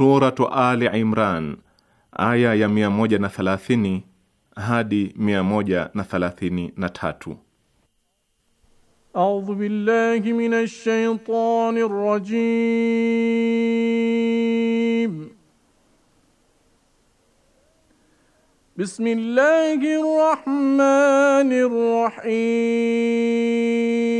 Suratu Ali Imran aya ya 130 hadi 133. A'udhu billahi minash shaitani rajim. Bismillahir rahmanir rahim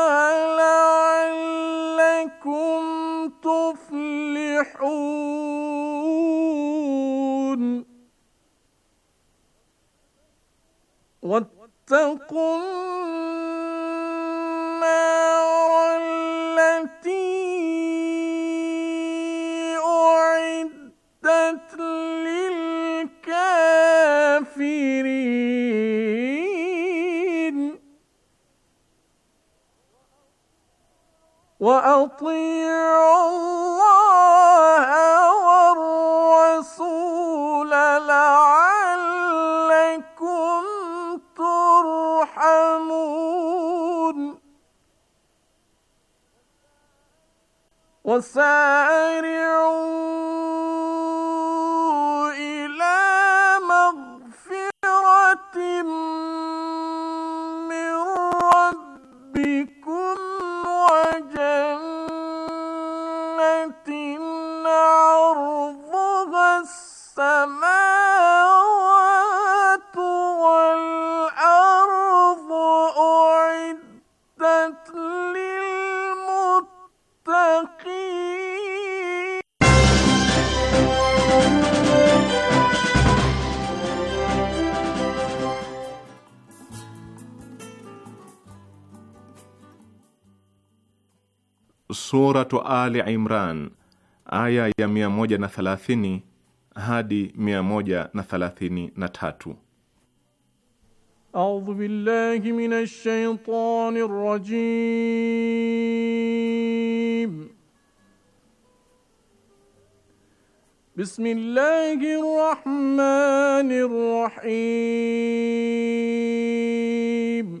فقم نار التي أعدت للكافرين وأطيعوا وسارعوا Suratu Ali Imran aya ya 130 hadi 133. A'udhu billahi minash shaitani rrajim. Bismillahir rahmanir rahim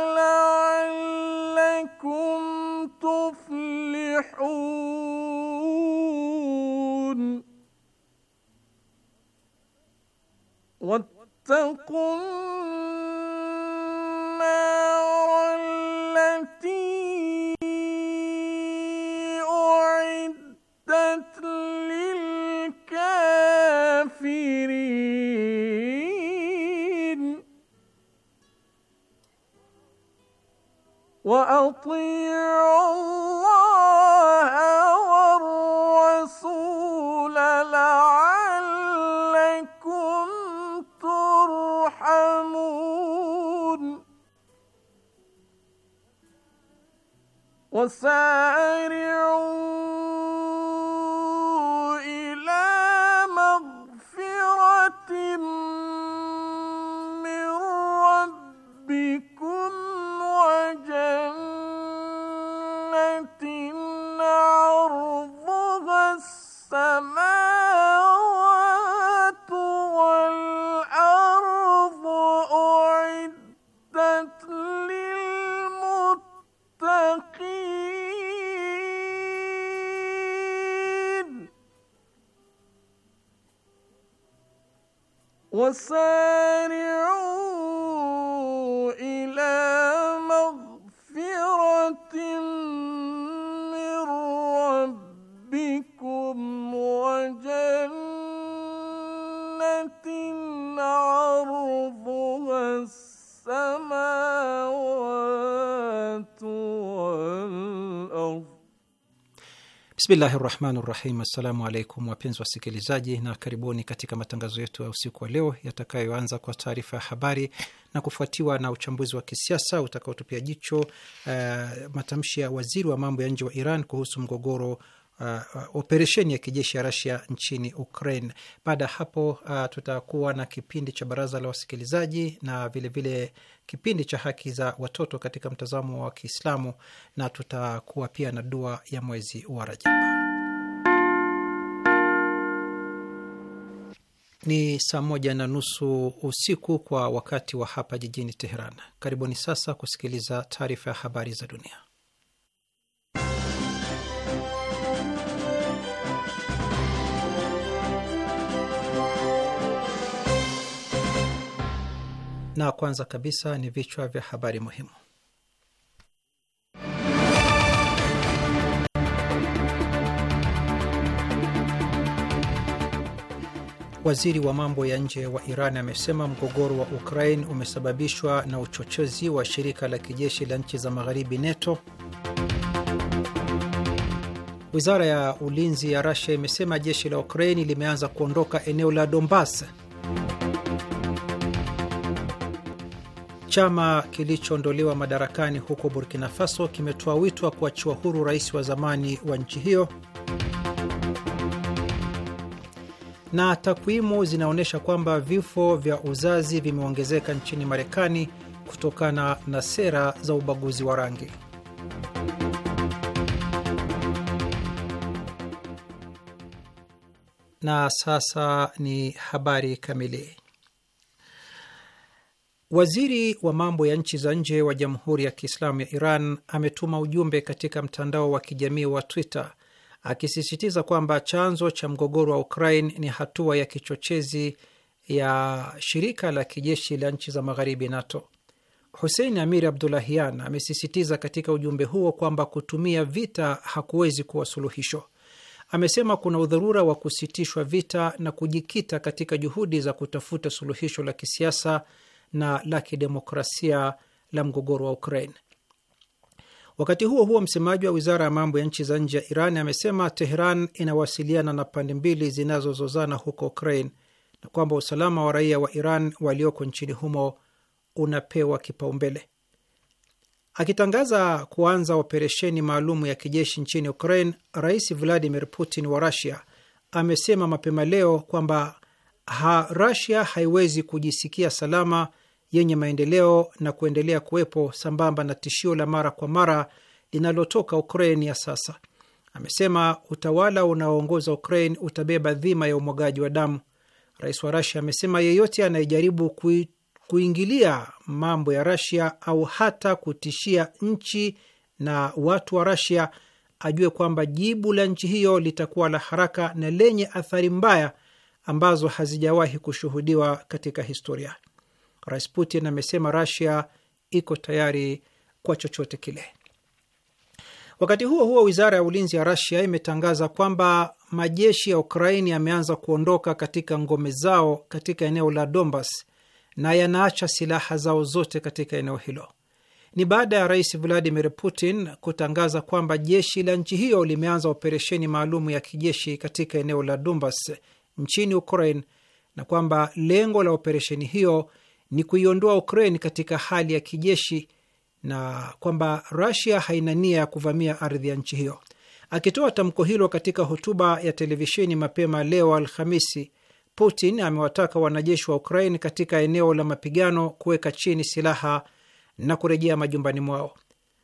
واتقوا النار التي أعدت للكافرين وأطيعوا وسارعوا você Bismillahi rahmani rahim. Assalamu alaikum wapenzi wasikilizaji, na karibuni katika matangazo yetu ya usiku wa leo yatakayoanza kwa taarifa ya habari na kufuatiwa na uchambuzi wa kisiasa utakaotupia jicho uh, matamshi ya waziri wa mambo ya nje wa Iran kuhusu mgogoro uh, operesheni ya kijeshi ya Rasia nchini Ukraine. Baada ya hapo uh, tutakuwa na kipindi cha baraza la wasikilizaji na vilevile vile kipindi cha haki za watoto katika mtazamo wa Kiislamu, na tutakuwa pia na dua ya mwezi wa Rajaba. Ni saa moja na nusu usiku kwa wakati wa hapa jijini Teheran. Karibuni sasa kusikiliza taarifa ya habari za dunia. na kwanza kabisa ni vichwa vya habari muhimu. Waziri wa mambo ya nje wa Iran amesema mgogoro wa Ukraine umesababishwa na uchochezi wa shirika la kijeshi la nchi za magharibi NATO. Wizara ya ulinzi ya rusia imesema jeshi la Ukraini limeanza kuondoka eneo la Donbas. Chama kilichoondolewa madarakani huko Burkina Faso kimetoa wito wa kuachiwa huru rais wa zamani wa nchi hiyo. Na takwimu zinaonyesha kwamba vifo vya uzazi vimeongezeka nchini Marekani kutokana na sera za ubaguzi wa rangi. Na sasa ni habari kamili. Waziri wa mambo ya nchi za nje wa Jamhuri ya Kiislamu ya Iran ametuma ujumbe katika mtandao wa kijamii wa Twitter akisisitiza kwamba chanzo cha mgogoro wa Ukraine ni hatua ya kichochezi ya shirika la kijeshi la nchi za magharibi NATO. Hussein Amir Abdulahian amesisitiza katika ujumbe huo kwamba kutumia vita hakuwezi kuwa suluhisho. Amesema kuna udharura wa kusitishwa vita na kujikita katika juhudi za kutafuta suluhisho la kisiasa na la kidemokrasia la mgogoro wa Ukraine. Wakati huo huo, msemaji wa wizara ya mambo ya nchi za nje ya Iran amesema Teheran inawasiliana na pande mbili zinazozozana huko Ukraine na kwamba usalama wa raia wa Iran walioko nchini humo unapewa kipaumbele. Akitangaza kuanza operesheni maalumu ya kijeshi nchini Ukraine, Rais Vladimir Putin wa Rusia amesema mapema leo kwamba ha Rusia haiwezi kujisikia salama yenye maendeleo na kuendelea kuwepo sambamba na tishio la mara kwa mara linalotoka Ukraine ya sasa. Amesema utawala unaoongoza Ukraine utabeba dhima ya umwagaji wa damu. Rais wa Rasia amesema yeyote anayejaribu kui, kuingilia mambo ya Rasia au hata kutishia nchi na watu wa Rasia ajue kwamba jibu la nchi hiyo litakuwa la haraka na lenye athari mbaya ambazo hazijawahi kushuhudiwa katika historia. Rais Putin amesema Rasia iko tayari kwa chochote kile. Wakati huo huo, wizara ya ulinzi ya Rasia imetangaza kwamba majeshi ya Ukraini yameanza kuondoka katika ngome zao katika eneo la Donbas na yanaacha silaha zao zote katika eneo hilo. Ni baada ya rais Vladimir Putin kutangaza kwamba jeshi la nchi hiyo limeanza operesheni maalum ya kijeshi katika eneo la Donbas nchini Ukraine na kwamba lengo la operesheni hiyo ni kuiondoa Ukraine katika hali ya kijeshi na kwamba Russia haina nia ya kuvamia ardhi ya nchi hiyo. Akitoa tamko hilo katika hotuba ya televisheni mapema leo Alhamisi, Putin amewataka wanajeshi wa Ukraine katika eneo la mapigano kuweka chini silaha na kurejea majumbani mwao.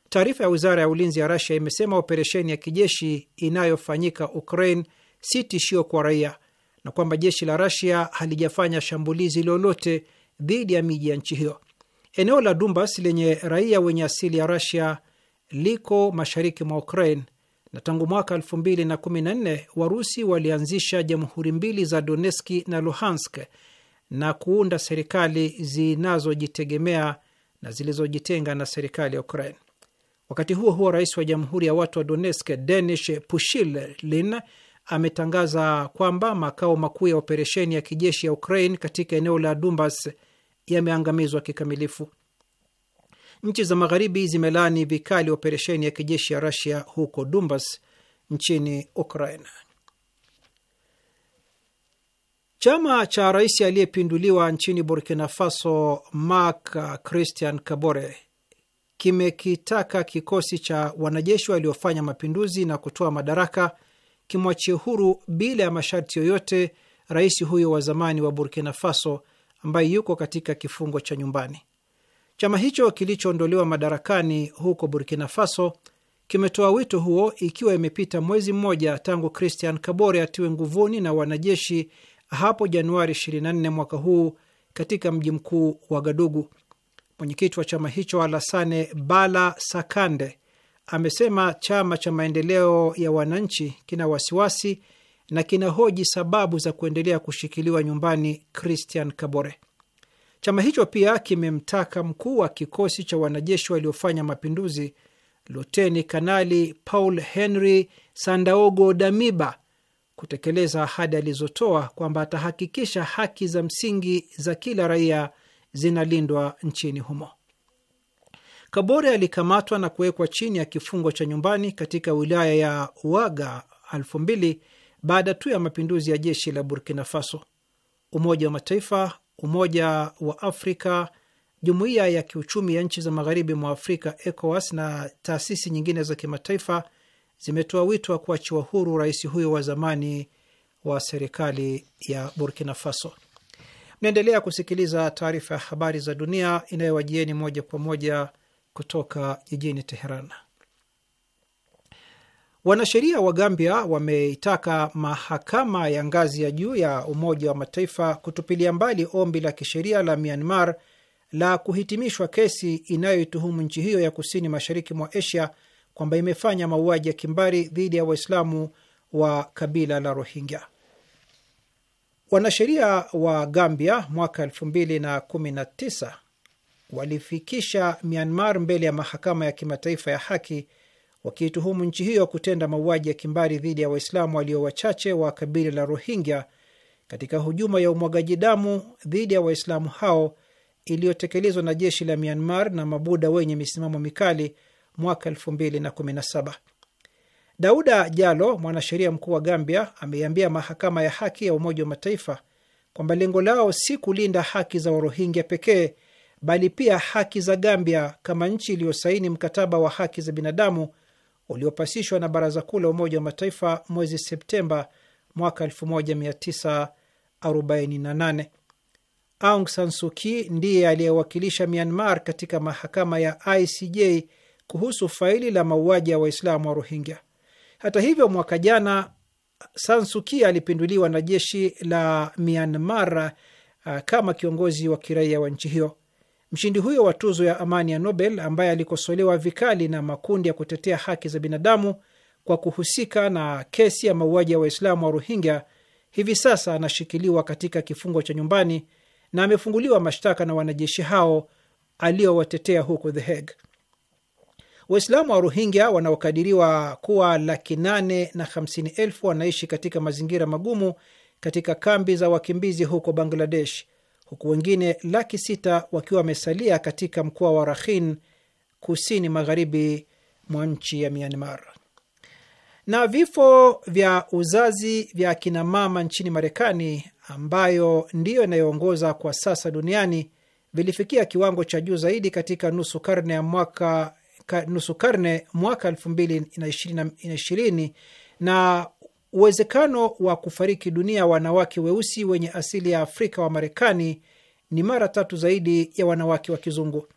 Taarifa ya wizara ya ulinzi ya Russia imesema operesheni ya kijeshi inayofanyika Ukraine si tishio kwa raia na kwamba jeshi la Russia halijafanya shambulizi lolote dhidi ya miji ya nchi hiyo. Eneo la dumbas lenye raia wenye asili ya rasia liko mashariki mwa Ukraine na tangu mwaka 2014 Warusi walianzisha jamhuri mbili za Donetski na Luhansk na kuunda serikali zinazojitegemea na zilizojitenga na serikali ya Ukraine. Wakati huo huo, rais wa jamhuri ya watu wa Donetsk Denis Pushilin ametangaza kwamba makao makuu ya operesheni ya kijeshi ya Ukraine katika eneo la Donbas yameangamizwa kikamilifu. Nchi za Magharibi zimelaani vikali operesheni ya kijeshi ya Rusia huko Donbas nchini Ukraine. Chama cha rais aliyepinduliwa nchini Burkina Faso Marc Christian Kabore kimekitaka kikosi cha wanajeshi waliofanya mapinduzi na kutoa madaraka kimwachie huru bila ya masharti yoyote rais huyo wa zamani wa Burkina Faso ambaye yuko katika kifungo cha nyumbani. Chama hicho kilichoondolewa madarakani huko Burkina Faso kimetoa wito huo ikiwa imepita mwezi mmoja tangu Christian Kabore atiwe nguvuni na wanajeshi hapo Januari 24 mwaka huu katika mji mkuu wa Gadugu. Mwenyekiti wa chama hicho Alassane Bala Sakande amesema chama cha maendeleo ya wananchi kina wasiwasi na kinahoji sababu za kuendelea kushikiliwa nyumbani Christian Kabore. Chama hicho pia kimemtaka mkuu wa kikosi cha wanajeshi waliofanya mapinduzi Luteni Kanali Paul Henry Sandaogo Damiba kutekeleza ahadi alizotoa kwamba atahakikisha haki za msingi za kila raia zinalindwa nchini humo. Kabore alikamatwa na kuwekwa chini ya kifungo cha nyumbani katika wilaya ya Uaga elfu mbili baada tu ya mapinduzi ya jeshi la Burkina Faso. Umoja wa Mataifa, Umoja wa Afrika, Jumuiya ya Kiuchumi ya Nchi za Magharibi mwa Afrika, ECOWAS, na taasisi nyingine za kimataifa zimetoa wito wa kuachiwa huru rais huyo wa zamani wa serikali ya Burkina Faso. Mnaendelea kusikiliza taarifa ya habari za dunia inayowajieni moja kwa moja kutoka jijini Teheran. Wanasheria wa Gambia wameitaka mahakama ya ngazi ya juu ya Umoja wa Mataifa kutupilia mbali ombi la kisheria la Myanmar la kuhitimishwa kesi inayoituhumu nchi hiyo ya kusini mashariki mwa Asia kwamba imefanya mauaji ya kimbari dhidi ya Waislamu wa kabila la Rohingya. Wanasheria wa Gambia mwaka 2019 walifikisha Myanmar mbele ya mahakama ya kimataifa ya haki wakiituhumu nchi hiyo kutenda mauaji ya kimbari dhidi ya Waislamu walio wachache wa kabila la Rohingya katika hujuma ya umwagaji damu dhidi ya Waislamu hao iliyotekelezwa na jeshi la Myanmar na mabuda wenye misimamo mikali mwaka 2017. Dauda Jalo, mwanasheria mkuu wa Gambia, ameiambia mahakama ya haki ya Umoja wa Mataifa kwamba lengo lao si kulinda haki za Warohingya pekee bali pia haki za Gambia kama nchi iliyosaini mkataba wa haki za binadamu uliopasishwa na Baraza Kuu la Umoja wa Mataifa mwezi Septemba mwaka 1948. Aung San Suu Kyi ndiye aliyewakilisha Myanmar katika mahakama ya ICJ kuhusu faili la mauaji ya Waislamu wa Rohingya. Hata hivyo, mwaka jana San Suu Kyi alipinduliwa na jeshi la Myanmar uh, kama kiongozi wa kiraia wa nchi hiyo. Mshindi huyo wa tuzo ya amani ya Nobel, ambaye alikosolewa vikali na makundi ya kutetea haki za binadamu kwa kuhusika na kesi ya mauaji ya Waislamu wa Rohingya, hivi sasa anashikiliwa katika kifungo cha nyumbani na amefunguliwa mashtaka na wanajeshi hao aliowatetea huko The Hague. Waislamu wa Rohingya wanaokadiriwa kuwa laki nane na hamsini elfu wanaishi katika mazingira magumu katika kambi za wakimbizi huko Bangladesh huku wengine laki sita wakiwa wamesalia katika mkoa wa Rakhine kusini magharibi mwa nchi ya Myanmar. Na vifo vya uzazi vya akinamama nchini Marekani, ambayo ndiyo inayoongoza kwa sasa duniani, vilifikia kiwango cha juu zaidi katika nusu karne ya mwaka nusu karne mwaka elfu mbili na ishirini na uwezekano wa kufariki dunia wanawake weusi wenye asili ya Afrika wa Marekani ni mara tatu zaidi ya wanawake wa kizungu.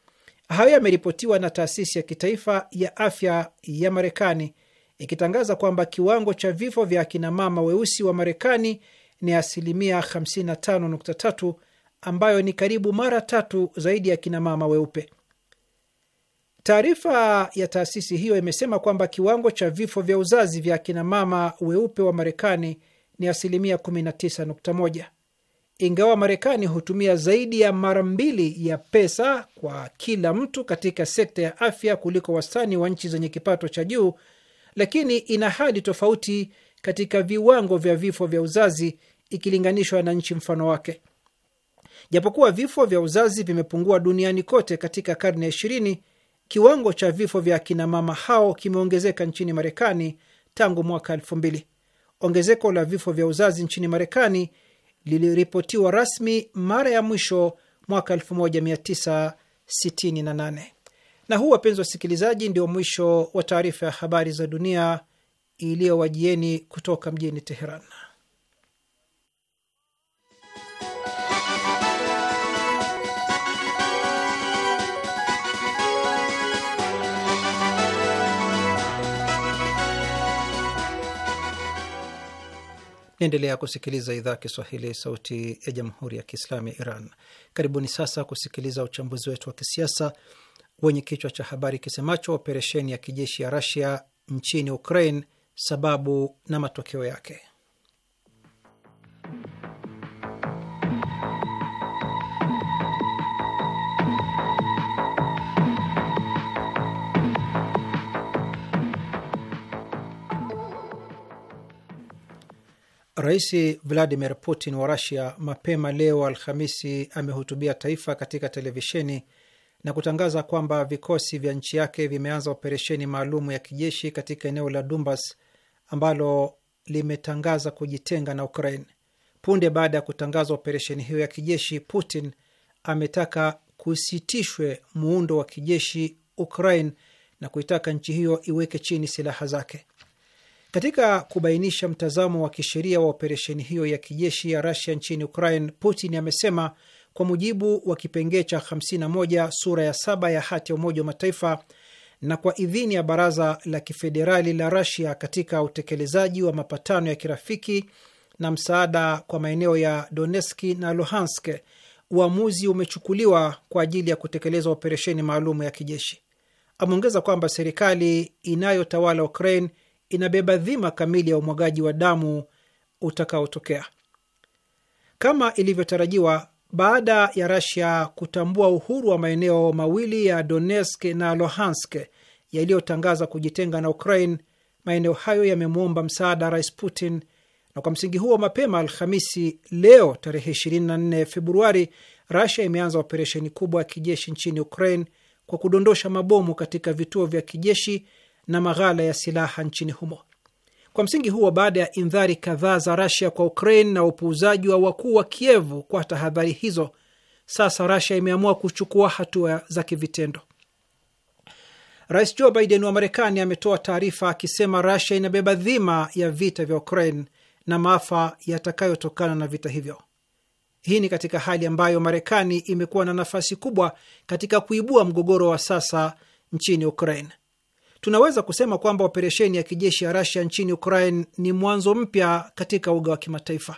Hayo yameripotiwa na taasisi ya kitaifa ya afya ya Marekani ikitangaza kwamba kiwango cha vifo vya akinamama weusi wa Marekani ni asilimia 55.3 ambayo ni karibu mara tatu zaidi ya akinamama weupe. Taarifa ya taasisi hiyo imesema kwamba kiwango cha vifo vya uzazi vya akinamama weupe wa Marekani ni asilimia 19.1. Ingawa Marekani hutumia zaidi ya mara mbili ya pesa kwa kila mtu katika sekta ya afya kuliko wastani wa nchi zenye kipato cha juu, lakini ina hali tofauti katika viwango vya vifo vya uzazi ikilinganishwa na nchi mfano wake. Japokuwa vifo vya uzazi vimepungua duniani kote katika karne ya ishirini, kiwango cha vifo vya akinamama hao kimeongezeka nchini Marekani tangu mwaka elfu mbili. Ongezeko la vifo vya uzazi nchini Marekani liliripotiwa rasmi mara ya mwisho mwaka 1968. Na huu, wapenzi wasikilizaji, ndio mwisho wa taarifa ya habari za dunia iliyowajieni kutoka mjini Teheran. Naendelea kusikiliza idhaa Kiswahili sauti ya jamhuri ya kiislamu ya Iran. Karibuni sasa kusikiliza uchambuzi wetu wa kisiasa wenye kichwa cha habari kisemacho operesheni ya kijeshi ya Rasia nchini Ukraine, sababu na matokeo yake. Rais Vladimir Putin wa Rusia mapema leo Alhamisi amehutubia taifa katika televisheni na kutangaza kwamba vikosi vya nchi yake vimeanza operesheni maalumu ya kijeshi katika eneo la Donbas ambalo limetangaza kujitenga na Ukraine. Punde baada ya kutangaza operesheni hiyo ya kijeshi, Putin ametaka kusitishwe muundo wa kijeshi Ukraine na kuitaka nchi hiyo iweke chini silaha zake. Katika kubainisha mtazamo wa kisheria wa operesheni hiyo ya kijeshi ya rasia nchini Ukraine, Putin amesema kwa mujibu wa kipengee cha 51 sura ya saba ya hati ya Umoja wa Mataifa na kwa idhini ya Baraza la Kifederali la rasia katika utekelezaji wa mapatano ya kirafiki na msaada kwa maeneo ya Donetsk na Luhansk, uamuzi umechukuliwa kwa ajili ya kutekeleza operesheni maalum ya kijeshi. Ameongeza kwamba serikali inayotawala Ukraine inabeba dhima kamili ya umwagaji wa damu utakaotokea. Kama ilivyotarajiwa, baada ya Rasia kutambua uhuru wa maeneo mawili ya Donetsk na Luhansk yaliyotangaza kujitenga na Ukraine, maeneo hayo yamemwomba msaada Rais Putin, na kwa msingi huo mapema Alhamisi leo tarehe 24 Februari, Rasia imeanza operesheni kubwa ya kijeshi nchini Ukraine kwa kudondosha mabomu katika vituo vya kijeshi na maghala ya silaha nchini humo. Kwa msingi huo, baada ya indhari kadhaa za Rasia kwa Ukraine na upuuzaji wa wakuu wa Kievu kwa tahadhari hizo, sasa Rasia imeamua kuchukua hatua za kivitendo. Rais Joe Biden wa Marekani ametoa taarifa akisema Rasia inabeba dhima ya vita vya Ukraine na maafa yatakayotokana na vita hivyo. Hii ni katika hali ambayo Marekani imekuwa na nafasi kubwa katika kuibua mgogoro wa sasa nchini Ukraine tunaweza kusema kwamba operesheni ya kijeshi ya rasia nchini Ukraine ni mwanzo mpya katika uga wa kimataifa.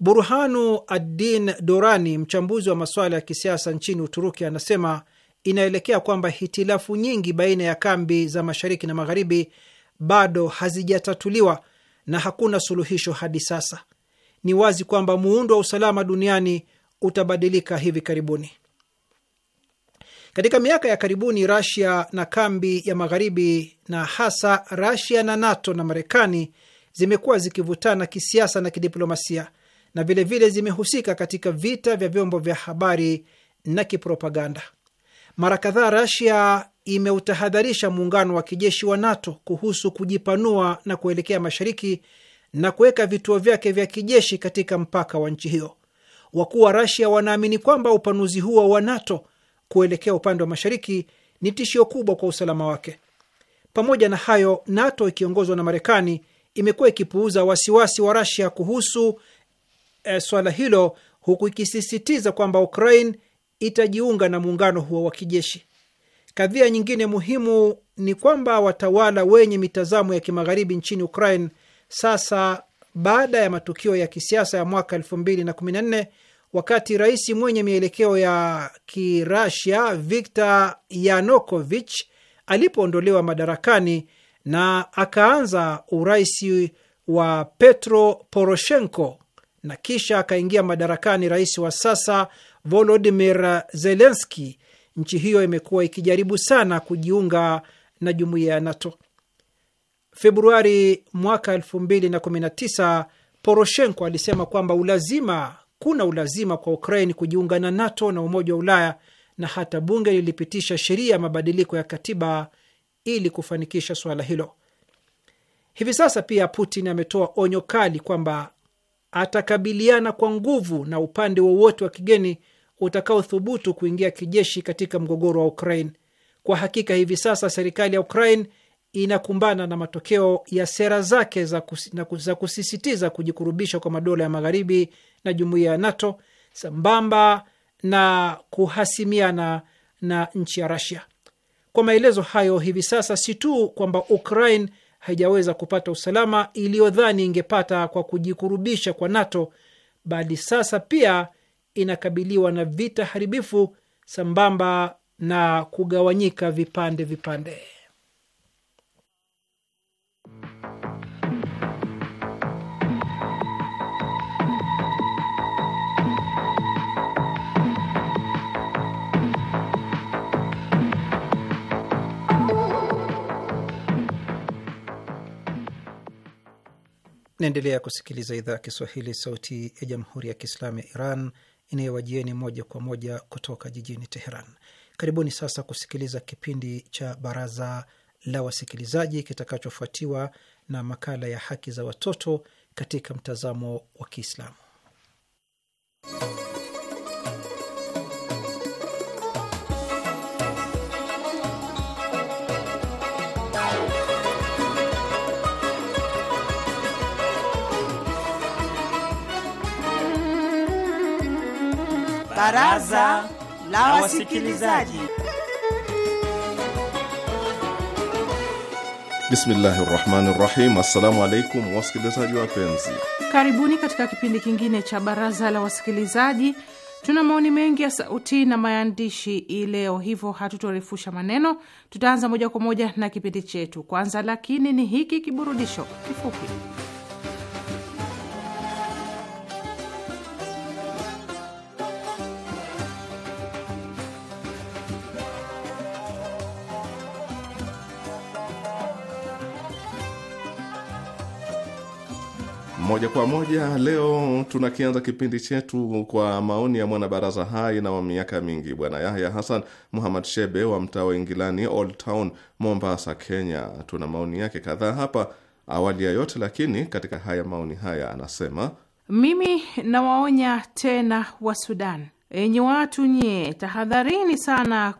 Burhanu Addin Dorani, mchambuzi wa masuala ya kisiasa nchini Uturuki, anasema inaelekea kwamba hitilafu nyingi baina ya kambi za mashariki na magharibi bado hazijatatuliwa na hakuna suluhisho hadi sasa. Ni wazi kwamba muundo wa usalama duniani utabadilika hivi karibuni. Katika miaka ya karibuni, Rasia na kambi ya magharibi na hasa Rasia na NATO na Marekani zimekuwa zikivutana kisiasa na kidiplomasia na vilevile zimehusika katika vita vya vyombo vya habari na kipropaganda. Mara kadhaa Rasia imeutahadharisha muungano wa kijeshi wa NATO kuhusu kujipanua na kuelekea mashariki na kuweka vituo vyake vya kijeshi katika mpaka wa nchi hiyo. Wakuu wa Rasia wanaamini kwamba upanuzi huo wa NATO kuelekea upande wa mashariki ni tishio kubwa kwa usalama wake. Pamoja na hayo, NATO ikiongozwa na Marekani imekuwa ikipuuza wasiwasi wa Rasia kuhusu e, swala hilo huku ikisisitiza kwamba Ukraine itajiunga na muungano huo wa kijeshi. Kadhia nyingine muhimu ni kwamba watawala wenye mitazamo ya kimagharibi nchini Ukraine sasa, baada ya matukio ya kisiasa ya mwaka 2014 wakati rais mwenye mielekeo ya Kirasia Viktor Yanukovych alipoondolewa madarakani na akaanza urais wa Petro Poroshenko na kisha akaingia madarakani rais wa sasa Volodimir Zelenski, nchi hiyo imekuwa ikijaribu sana kujiunga na jumuiya ya NATO. Februari mwaka 2019 Poroshenko alisema kwamba ulazima hakuna ulazima kwa Ukraine kujiunga na NATO na Umoja wa Ulaya, na hata bunge lilipitisha sheria ya mabadiliko ya katiba ili kufanikisha suala hilo. Hivi sasa pia Putin ametoa onyo kali kwamba atakabiliana kwa nguvu na upande wowote wa kigeni utakaothubutu kuingia kijeshi katika mgogoro wa Ukraine. Kwa hakika hivi sasa serikali ya Ukraine inakumbana na matokeo ya sera zake za, kus, za kusisitiza kujikurubisha kwa madola ya magharibi na jumuiya ya NATO sambamba na kuhasimiana na nchi ya Rasia. Kwa maelezo hayo, hivi sasa si tu kwamba Ukraine haijaweza kupata usalama iliyodhani ingepata kwa kujikurubisha kwa NATO, bali sasa pia inakabiliwa na vita haribifu sambamba na kugawanyika vipande vipande. Naendelea kusikiliza idhaa ya Kiswahili, sauti ya jamhuri ya kiislamu ya Iran inayowajieni moja kwa moja kutoka jijini Teheran. Karibuni sasa kusikiliza kipindi cha Baraza la Wasikilizaji kitakachofuatiwa na makala ya haki za watoto katika mtazamo wa Kiislamu. Baraza la Wasikilizaji. Bismillahi rahmani rahim. Assalamu alaikum wasikilizaji wapenzi, karibuni katika kipindi kingine cha Baraza la Wasikilizaji. Tuna maoni mengi ya sauti na maandishi leo, hivyo hatutorefusha maneno, tutaanza moja kwa moja na kipindi chetu. Kwanza lakini ni hiki kiburudisho kifupi. moja kwa moja leo tunakianza kipindi chetu kwa maoni ya mwanabaraza hai na wa miaka mingi Bwana Yahya Hassan Muhammad Shebe wa mtaa wa Ingilani, Old Town, Mombasa, Kenya. Tuna maoni yake kadhaa hapa. Awali ya yote lakini, katika haya maoni haya anasema, mimi nawaonya tena wa Sudan, enye watu nyie, tahadharini sana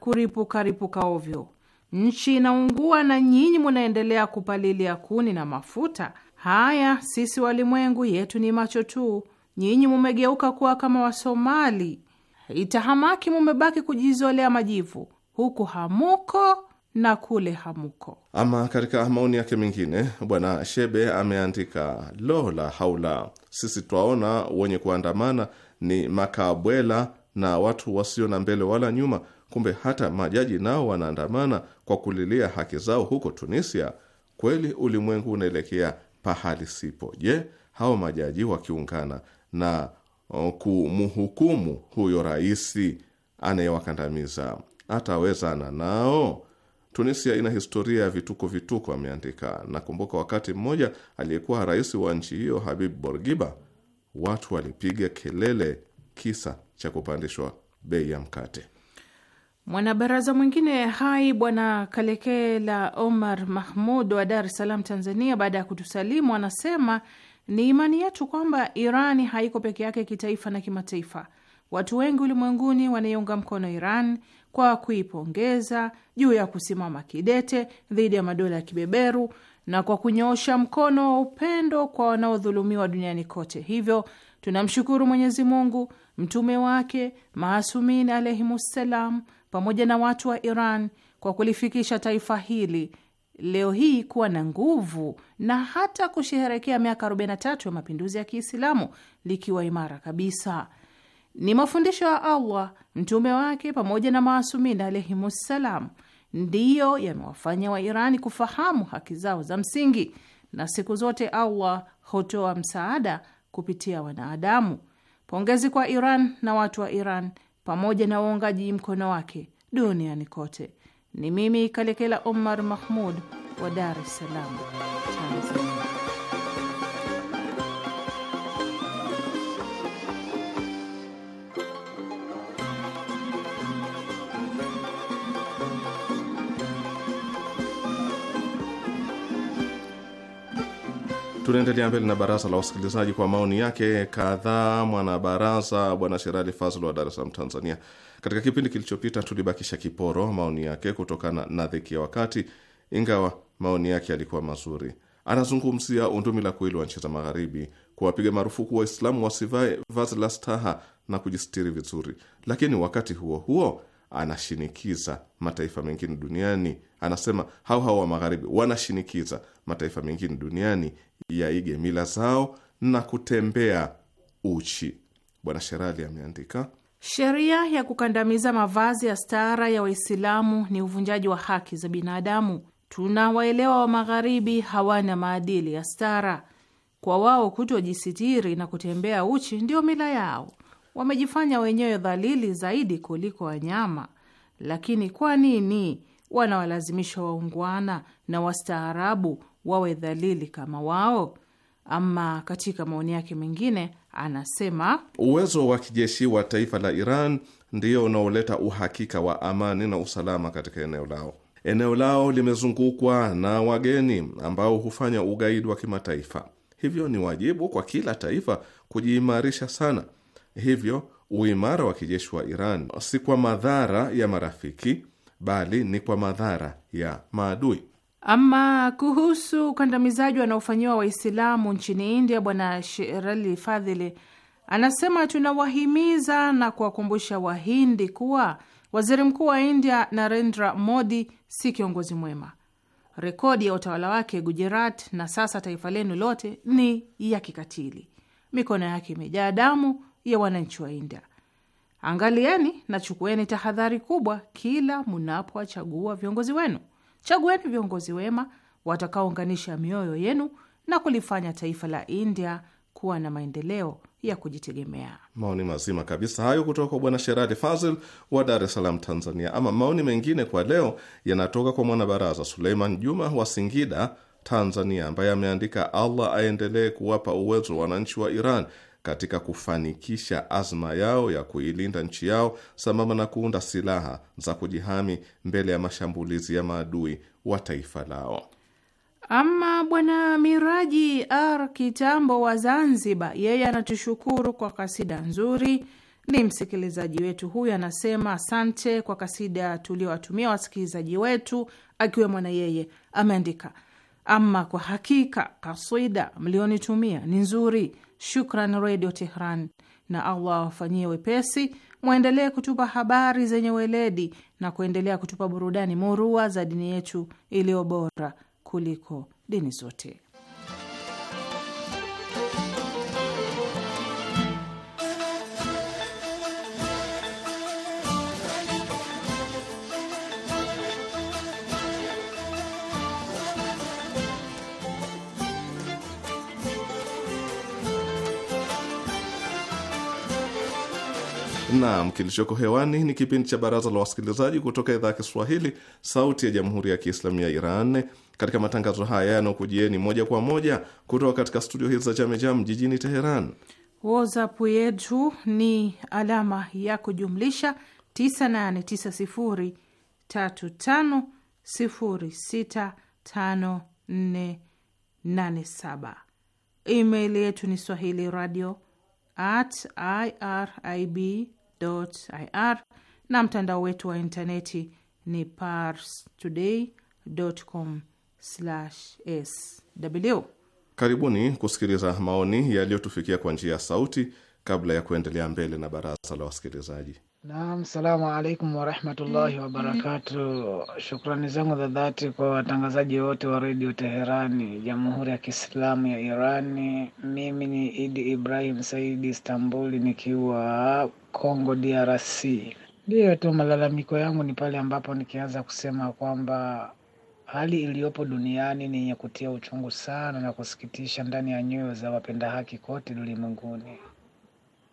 ripuka ovyo. Nchi inaungua na nyinyi munaendelea kupalilia kuni na mafuta Haya, sisi walimwengu yetu ni macho tu, nyinyi mumegeuka kuwa kama Wasomali. Itahamaki mumebaki kujizolea majivu, huku hamuko na kule hamuko. Ama katika maoni yake mengine, Bwana Shebe ameandika lo la haula, sisi twaona wenye kuandamana ni makabwela na watu wasio na mbele wala nyuma. Kumbe hata majaji nao wanaandamana kwa kulilia haki zao huko Tunisia. Kweli ulimwengu unaelekea pahali sipo. Je, hao majaji wakiungana na uh, kumhukumu huyo raisi anayewakandamiza atawezana nao? Tunisia ina historia ya vituko vituko, ameandika. Nakumbuka wakati mmoja aliyekuwa rais wa nchi hiyo Habib Bourguiba, watu walipiga kelele kisa cha kupandishwa bei ya mkate. Mwanabaraza mwingine hai Bwana Kalekela Omar Mahmud wa Dar es Salaam, Tanzania, baada ya kutusalimu anasema ni imani yetu kwamba Iran haiko peke yake kitaifa na kimataifa. Watu wengi ulimwenguni wanaiunga mkono Iran kwa kuipongeza juu ya kusimama kidete dhidi ya madola ya kibeberu na kwa kunyoosha mkono wa upendo kwa wanaodhulumiwa duniani kote. Hivyo tunamshukuru Mwenyezi Mungu, mtume wake, maasumin alaihimussalam pamoja na watu wa Iran kwa kulifikisha taifa hili leo hii kuwa na nguvu na hata kusheherekea miaka 43 ya mapinduzi ya Kiislamu likiwa imara kabisa. Ni mafundisho ya Allah, mtume wake pamoja na maasumina alaihimussalam ndiyo yamewafanya Wairani kufahamu haki zao za msingi, na siku zote Allah hutoa msaada kupitia wanadamu. Pongezi kwa Iran na watu wa Iran pamoja na waungaji mkono wake duniani kote. Ni mimi Kalekela Omar Mahmud wa Dar es Salaam, Tanzania. Tunaendelea mbele na baraza la wasikilizaji kwa maoni yake kadhaa. Mwanabaraza Bwana Sherali Fazl wa Dar es Salaam, Tanzania, katika kipindi kilichopita tulibakisha kiporo maoni yake kutokana na dhiki ya wakati, ingawa maoni yake yalikuwa mazuri. Anazungumzia undumi la kuili wa nchi za Magharibi kuwapiga marufuku Waislamu wasivae vazi la staha na kujistiri vizuri, lakini wakati huo huo anashinikiza mataifa mengine duniani, anasema hao hao wa Magharibi wanashinikiza mataifa mengine duniani yaige mila zao na kutembea uchi. Bwana Sherali ameandika, sheria ya kukandamiza mavazi ya stara ya Waislamu ni uvunjaji wa haki za binadamu. Tunawaelewa wa Magharibi hawana maadili ya stara. Kwa wao kutojisitiri na kutembea uchi ndio mila yao. Wamejifanya wenyewe dhalili zaidi kuliko wanyama. Lakini kwa nini wanawalazimisha waungwana na wastaarabu wawe dhalili kama wao? Ama katika maoni yake mengine anasema uwezo wa kijeshi wa taifa la Iran ndiyo unaoleta uhakika wa amani na usalama katika eneo lao. Eneo lao limezungukwa na wageni ambao hufanya ugaidi wa kimataifa, hivyo ni wajibu kwa kila taifa kujiimarisha sana. Hivyo uimara wa kijeshi wa Iran si kwa madhara ya marafiki, bali ni kwa madhara ya maadui. Ama kuhusu ukandamizaji wanaofanyiwa Waislamu nchini India, Bwana Sherali Fadhili anasema tunawahimiza na kuwakumbusha Wahindi kuwa waziri mkuu wa India Narendra Modi si kiongozi mwema. Rekodi ya utawala wake Gujarat na sasa taifa lenu lote ni ya kikatili. Mikono yake imejaa damu ya wananchi wa India. Angalieni na chukueni tahadhari kubwa kila mnapoachagua viongozi wenu. Chagueni viongozi wema watakaounganisha mioyo yenu na kulifanya taifa la India kuwa na maendeleo ya kujitegemea. Maoni mazima kabisa hayo kutoka kwa Bwana Sherali Fazil wa Dar es Salaam, Tanzania. Ama maoni mengine kwa leo yanatoka kwa mwanabaraza Suleiman Juma wa Singida, Tanzania, ambaye ameandika, Allah aendelee kuwapa uwezo wananchi wa Iran katika kufanikisha azma yao ya kuilinda nchi yao sambamba na kuunda silaha za kujihami mbele ya mashambulizi ya maadui wa taifa lao. Ama Bwana Miraji R Kitambo wa Zanzibar, yeye anatushukuru kwa kasida nzuri. Ni msikilizaji wetu huyu, anasema asante kwa kasida tuliowatumia wasikilizaji wetu, akiwemo na yeye ameandika. Ama kwa hakika kasida mlionitumia ni nzuri Shukran Redio Tehran, na Allah awafanyie wepesi. Mwendelee kutupa habari zenye weledi na kuendelea kutupa burudani murua za dini yetu iliyo bora kuliko dini zote. Naam, kilichoko hewani ni kipindi cha Baraza la Wasikilizaji kutoka idhaa ya Kiswahili, Sauti ya Jamhuri ya Kiislamu ya Iran. Katika matangazo haya yanaokujieni moja kwa moja kutoka katika studio hizi za Jamejam jijini Teheran. WhatsApp yetu ni alama ya kujumlisha 989035065487. Email yetu ni swahili radio at irib na mtandao wetu wa intaneti ni parstoday.com/sw. Karibuni kusikiliza maoni yaliyotufikia kwa njia ya sauti kabla ya kuendelea mbele na baraza la wasikilizaji. Naam, salamu alaikum warahmatullahi wabarakatu. Shukrani zangu za dhati kwa watangazaji wote wa redio Teherani, jamhuri ya kiislamu ya Irani. Mimi ni Idi Ibrahim Saidi Istanbuli, nikiwa Congo DRC. Ndiyo tu malalamiko yangu ni pale ambapo nikianza kusema kwamba hali iliyopo duniani ni yenye kutia uchungu sana na kusikitisha ndani ya nyoyo za wapenda haki kote ulimwenguni.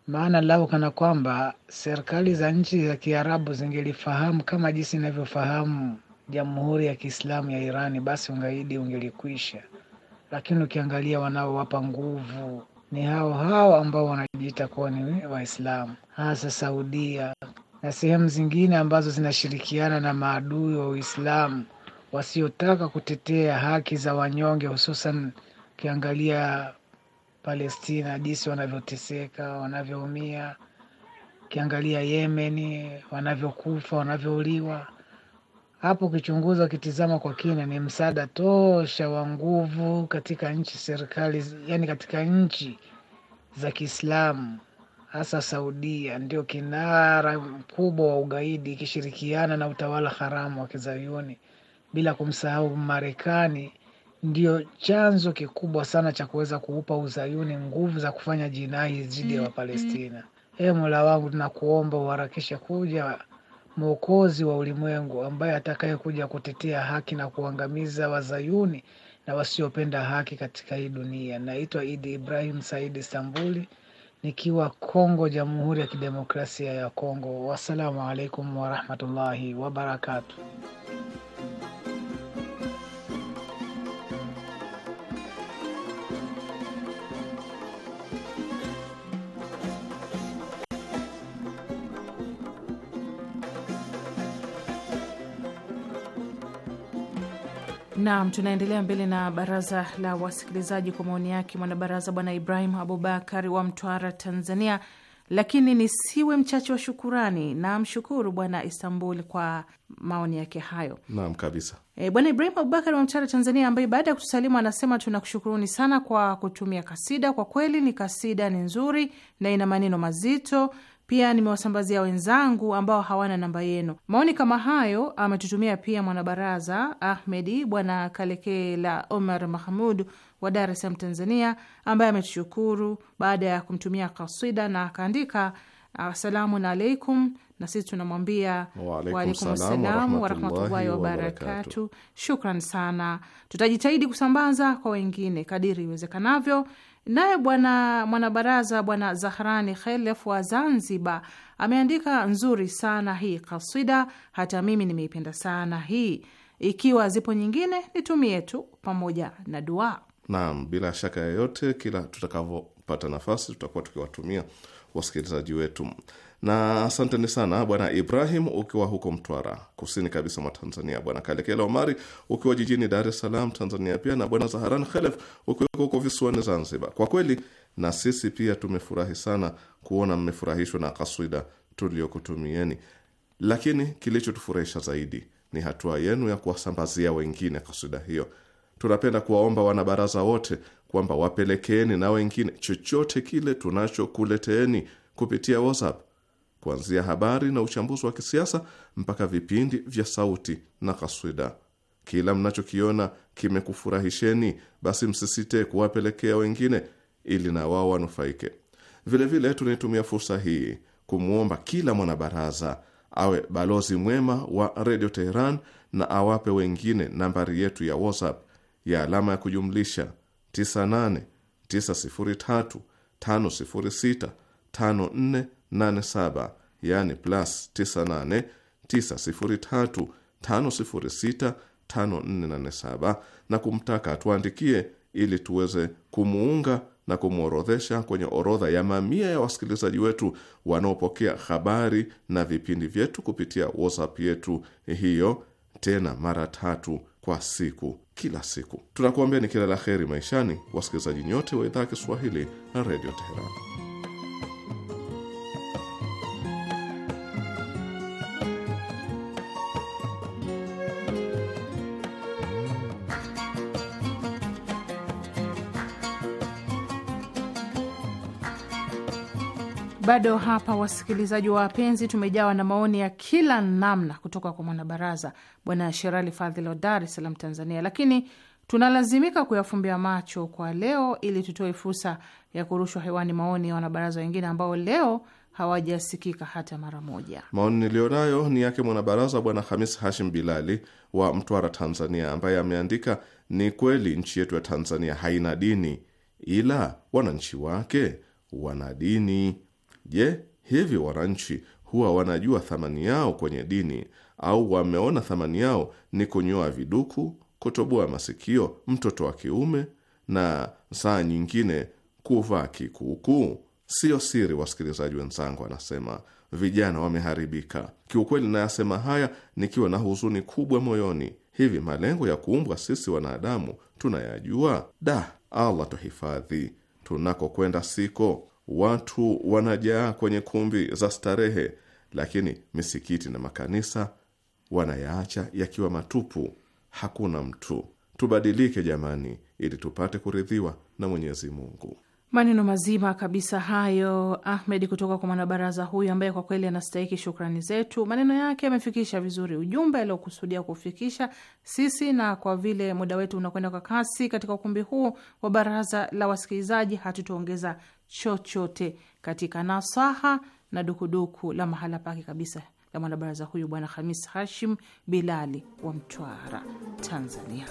Maana lau kana kwamba serikali za nchi za Kiarabu zingelifahamu kama jinsi inavyofahamu Jamhuri ya Kiislamu ya Irani, basi ungaidi ungelikwisha. Lakini ukiangalia wanaowapa nguvu ni hao hao ambao wanajiita kuwa ni Waislamu, hasa Saudia na sehemu zingine ambazo zinashirikiana na maadui wa Uislamu wasiotaka kutetea haki za wanyonge, hususan ukiangalia Palestina jinsi wanavyoteseka, wanavyoumia, ukiangalia Yemeni wanavyokufa, wanavyouliwa. Hapo ukichunguza ukitizama kwa kina, ni msaada tosha wa nguvu katika nchi serikali, yani katika nchi za Kiislamu, hasa Saudia ndio kinara mkubwa wa ugaidi ikishirikiana na utawala haramu wa Kizayuni, bila kumsahau Marekani ndio chanzo kikubwa sana cha kuweza kuupa uzayuni nguvu za kufanya jinai dhidi ya mm-hmm. Wapalestina. Ee Mola wangu, tunakuomba uharakishe kuja mwokozi wa ulimwengu ambaye atakayekuja kutetea haki na kuangamiza wazayuni na wasiopenda haki katika hii dunia. Naitwa Idi Ibrahim Said Istambuli nikiwa Kongo, Jamhuri ya Kidemokrasia ya Kongo. Wassalamu alaikum warahmatullahi wabarakatuh. Naam, tunaendelea mbele na baraza la wasikilizaji kwa maoni yake mwanabaraza Bwana Ibrahim Abubakari wa Mtwara, Tanzania. Lakini nisiwe mchache wa shukurani, namshukuru Bwana Istanbul kwa maoni yake hayo. Naam kabisa. E, Bwana Ibrahim Abubakar wa Mtwara, Tanzania, ambaye baada ya kutusalimu anasema tunakushukuruni sana kwa kutumia kasida. Kwa kweli ni kasida ni nzuri na ina maneno mazito pia nimewasambazia wenzangu ambao hawana namba yenu. Maoni kama hayo ametutumia pia mwanabaraza Ahmedi Bwana Kalekela Omar Mahmud wa Dar es Salaam, Tanzania, ambaye ametushukuru baada ya kumtumia kaswida na akaandika Assalamu alaikum, na sisi tunamwambia waalaikum salam warahmatullahi wabarakatu. Shukran sana, tutajitahidi kusambaza kwa wengine kadiri iwezekanavyo Naye bwana mwanabaraza bwana Zahrani Khelef wa Zanzibar ameandika nzuri sana hii kasida, hata mimi nimeipenda sana hii. Ikiwa zipo nyingine nitumie tu pamoja na dua. Naam, bila shaka yoyote, kila tutakavyo tukipata nafasi tutakuwa tukiwatumia wasikilizaji wetu. Na asanteni sana Bwana Ibrahim ukiwa huko Mtwara, kusini kabisa mwa Tanzania, Bwana Kalekela Omari ukiwa jijini Dar es Salaam, Tanzania pia, na Bwana Zaharan Khelef ukiwa huko visiwani Zanzibar. Kwa kweli na sisi pia tumefurahi sana kuona mmefurahishwa na kaswida tuliyokutumieni, lakini kilichotufurahisha zaidi ni hatua yenu ya kuwasambazia wengine kaswida hiyo. Tunapenda kuwaomba wanabaraza wote kwamba wapelekeeni na wengine chochote kile tunachokuleteeni kupitia WhatsApp, kuanzia habari na uchambuzi wa kisiasa mpaka vipindi vya sauti na kaswida. Kila mnachokiona kimekufurahisheni, basi msisite kuwapelekea wengine ili na wao wanufaike. Vilevile tunaitumia fursa hii kumwomba kila mwanabaraza awe balozi mwema wa Redio Teheran na awape wengine nambari yetu ya WhatsApp ya alama ya kujumlisha 989035065487 yani plus 989035065487 na kumtaka tuandikie ili tuweze kumuunga na kumworodhesha kwenye orodha ya mamia ya wasikilizaji wetu wanaopokea habari na vipindi vyetu kupitia WhatsApp yetu hiyo, tena mara tatu kwa siku kila siku. Tunakuambia ni kila la heri maishani, wasikilizaji nyote wa idhaa ya Kiswahili na Redio Teheran. Bado hapa wasikilizaji wa wapenzi, tumejawa na maoni ya kila namna kutoka kwa mwanabaraza Bwana Sherali Fadhil wa Dar es Salaam, Tanzania, lakini tunalazimika kuyafumbia macho kwa leo ili tutoe fursa ya kurushwa hewani maoni ya wanabaraza wengine ambao leo hawajasikika hata mara moja. Maoni niliyonayo ni yake mwanabaraza Bwana Hamis Hashim Bilali wa Mtwara, Tanzania, ambaye ameandika: ni kweli nchi yetu ya Tanzania haina dini, ila wananchi wake wana dini Je, hivi wananchi huwa wanajua thamani yao kwenye dini au wameona thamani yao ni kunyoa viduku, kutoboa masikio mtoto wa kiume na saa nyingine kuvaa kikuukuu? Siyo siri, wasikilizaji wenzangu, anasema vijana wameharibika. Kiukweli nayasema haya nikiwa na huzuni kubwa moyoni. Hivi malengo ya kuumbwa sisi wanadamu tunayajua? Da, Allah tuhifadhi, tunakokwenda siko watu wanajaa kwenye kumbi za starehe, lakini misikiti na makanisa wanayaacha yakiwa matupu, hakuna mtu. Tubadilike jamani, ili tupate kuridhiwa na Mwenyezi Mungu. Maneno mazima kabisa hayo, Ahmed, kutoka kwa mwanabaraza huyu ambaye kwa kweli anastahiki shukrani zetu. Maneno yake yamefikisha vizuri ujumbe aliokusudia kufikisha sisi, na kwa vile muda wetu unakwenda kwa kasi katika ukumbi huu wa baraza la wasikilizaji, hatutaongeza chochote katika nasaha na dukuduku la mahala pake kabisa la mwanabaraza huyu Bwana Hamis Hashim Bilali wa Mtwara, Tanzania.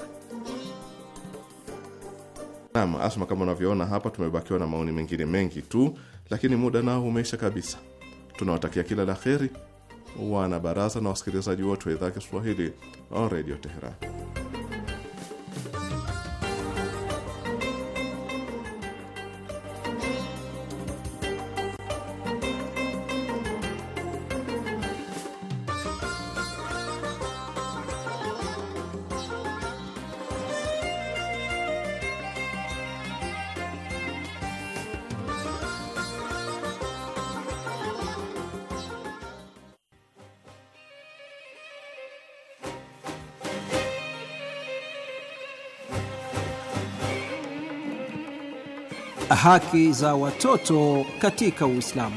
Naam, Asma, kama unavyoona hapa tumebakiwa na maoni mengine mengi tu, lakini muda nao umeisha kabisa. Tunawatakia kila la kheri wanabaraza na wasikilizaji wote wa idhaa ya Kiswahili wa Redio Teheran. Haki za watoto katika Uislamu.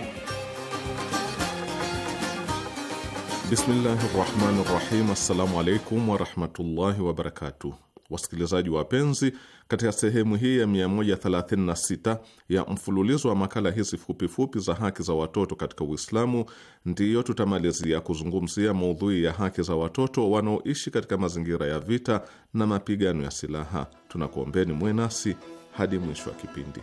Bismillahi rahmani rahim. Assalamu alaikum warahmatullahi wabarakatuh. Wasikilizaji wapenzi, katika sehemu hii ya 136 ya mfululizo wa makala hizi fupifupi za haki za watoto katika Uislamu, ndiyo tutamalizia kuzungumzia maudhui ya haki za watoto wanaoishi katika mazingira ya vita na mapigano ya silaha. Tunakuombeni mwenasi hadi mwisho wa kipindi.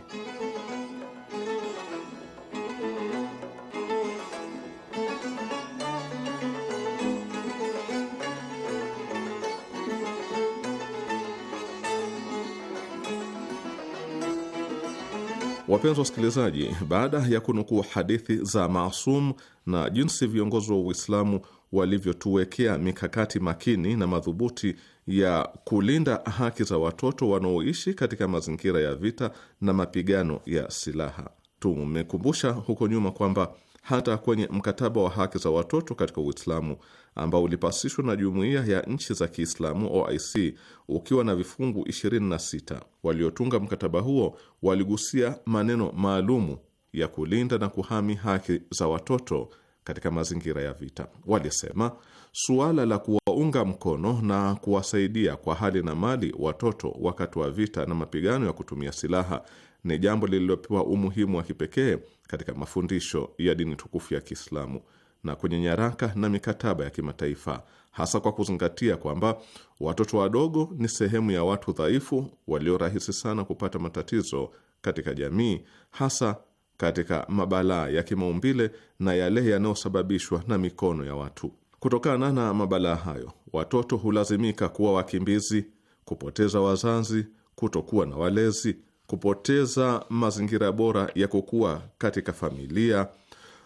Wapenzi wasikilizaji, baada ya kunukuu hadithi za Maasum na jinsi viongozi wa Uislamu walivyotuwekea mikakati makini na madhubuti ya kulinda haki za watoto wanaoishi katika mazingira ya vita na mapigano ya silaha. Tumekumbusha huko nyuma kwamba hata kwenye mkataba wa haki za watoto katika Uislamu ambao ulipasishwa na jumuiya ya nchi za Kiislamu OIC ukiwa na vifungu 26, waliotunga mkataba huo waligusia maneno maalumu ya kulinda na kuhami haki za watoto katika mazingira ya vita. Walisema suala la kuwaunga mkono na kuwasaidia kwa hali na mali watoto wakati wa vita na mapigano ya kutumia silaha ni jambo lililopewa umuhimu wa kipekee katika mafundisho ya dini tukufu ya Kiislamu na kwenye nyaraka na mikataba ya kimataifa, hasa kwa kuzingatia kwamba watoto wadogo ni sehemu ya watu dhaifu walio rahisi sana kupata matatizo katika jamii, hasa katika mabalaa ya kimaumbile na yale yanayosababishwa na mikono ya watu. Kutokana na mabalaa hayo, watoto hulazimika kuwa wakimbizi, kupoteza wazazi, kutokuwa na walezi, kupoteza mazingira bora ya kukua katika familia,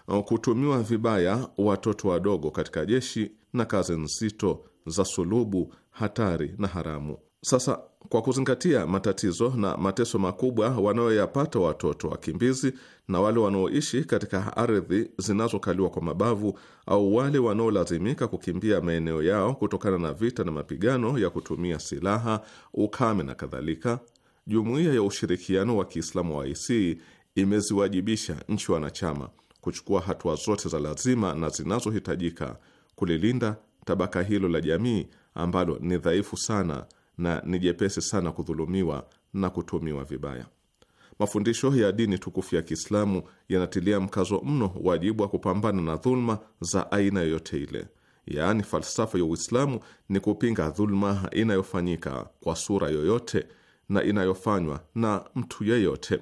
uh, kutumiwa vibaya watoto wadogo katika jeshi na kazi nzito za sulubu, hatari na haramu. Sasa kwa kuzingatia matatizo na mateso makubwa wanayoyapata watoto wakimbizi na wale wanaoishi katika ardhi zinazokaliwa kwa mabavu au wale wanaolazimika kukimbia maeneo yao kutokana na vita na mapigano ya kutumia silaha, ukame na kadhalika, Jumuiya ya Ushirikiano wa Kiislamu wa IC imeziwajibisha nchi wanachama kuchukua hatua zote za lazima na zinazohitajika kulilinda tabaka hilo la jamii ambalo ni dhaifu sana na ni jepesi sana kudhulumiwa na kutumiwa vibaya. Mafundisho ya dini tukufu ya Kiislamu yanatilia mkazo mno wajibu wa kupambana na dhulma za aina yoyote ile. Yaani, falsafa ya Uislamu ni kupinga dhulma inayofanyika kwa sura yoyote na inayofanywa na mtu yeyote.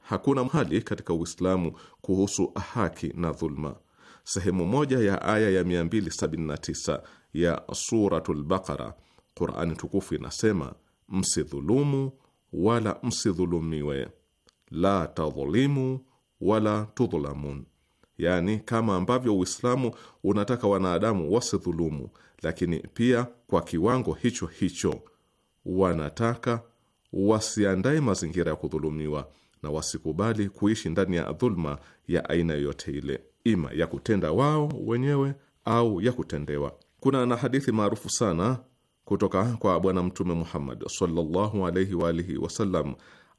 Hakuna mhali katika Uislamu kuhusu haki na dhulma. Sehemu moja ya aya ya 279 ya Suratul Baqara Qurani tukufu inasema, msidhulumu wala msidhulumiwe, la tadhulimu wala tudhlamun, yaani kama ambavyo Uislamu unataka wanadamu wasidhulumu, lakini pia kwa kiwango hicho hicho wanataka wasiandae mazingira ya kudhulumiwa na wasikubali kuishi ndani ya dhulma ya aina yoyote ile, ima ya kutenda wao wenyewe au ya kutendewa. Kuna na hadithi maarufu sana kutoka kwa Bwana Mtume Muhammad sallallahu alaihi wa alihi wasallam